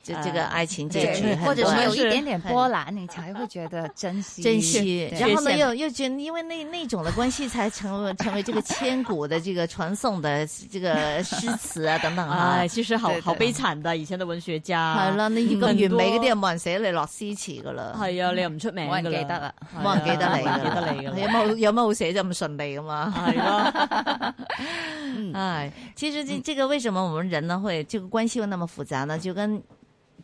.就這個愛情，或者是有一點點波瀾，你才會覺得珍惜珍惜。然後呢，又又覺得因為那那種的關係，才成為成為這個千古的這個傳頌的這個詩詞啊等等啊。哎，其實好好悲慘的，以前的文學家。好了，那一個完美，嗰啲又冇人寫嚟落詩詞噶啦。係啊，你又唔出名，冇人記得啊，冇人記得你，冇人記得你。有冇有乜好寫就咁順利噶嘛？係咯。哎，其實這這個為什麼我們人呢會這個關係又那麼複雜呢？就跟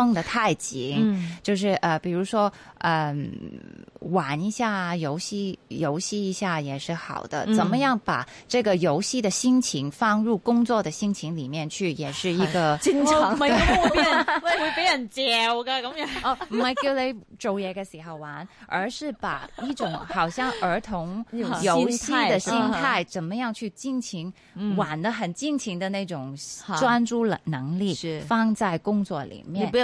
放得太緊，嗯、就是呃，比如說，嗯、呃，玩一下遊戲，遊戲一下也是好的。嗯、怎麼樣把這個遊戲的心情放入工作的心情裏面去，也是一個經常的。會、哦哦哦、會被人叫的咁樣哦，唔係叫你做嘢嘅時候玩，而是把一種好像兒童遊戲的心態，心態嗯、怎麼樣去盡情玩的很盡情的那種專注能能力，放在工作裏面，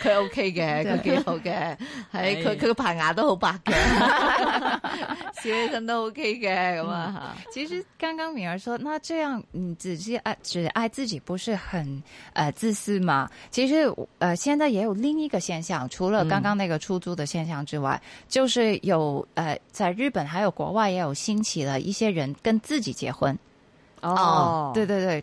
佢 OK 嘅，佢幾好嘅，喺佢佢個排牙都好白嘅，笑起身都 OK 嘅咁啊！其實剛剛敏兒說，那這樣你自己愛只愛自己，不是很誒、呃、自私嗎？其實誒、呃，現在也有另一個現象，除了剛剛那個出租的現象之外，嗯、就是有誒、呃、在日本還有國外也有興起了一些人跟自己結婚。哦，哦，對對對。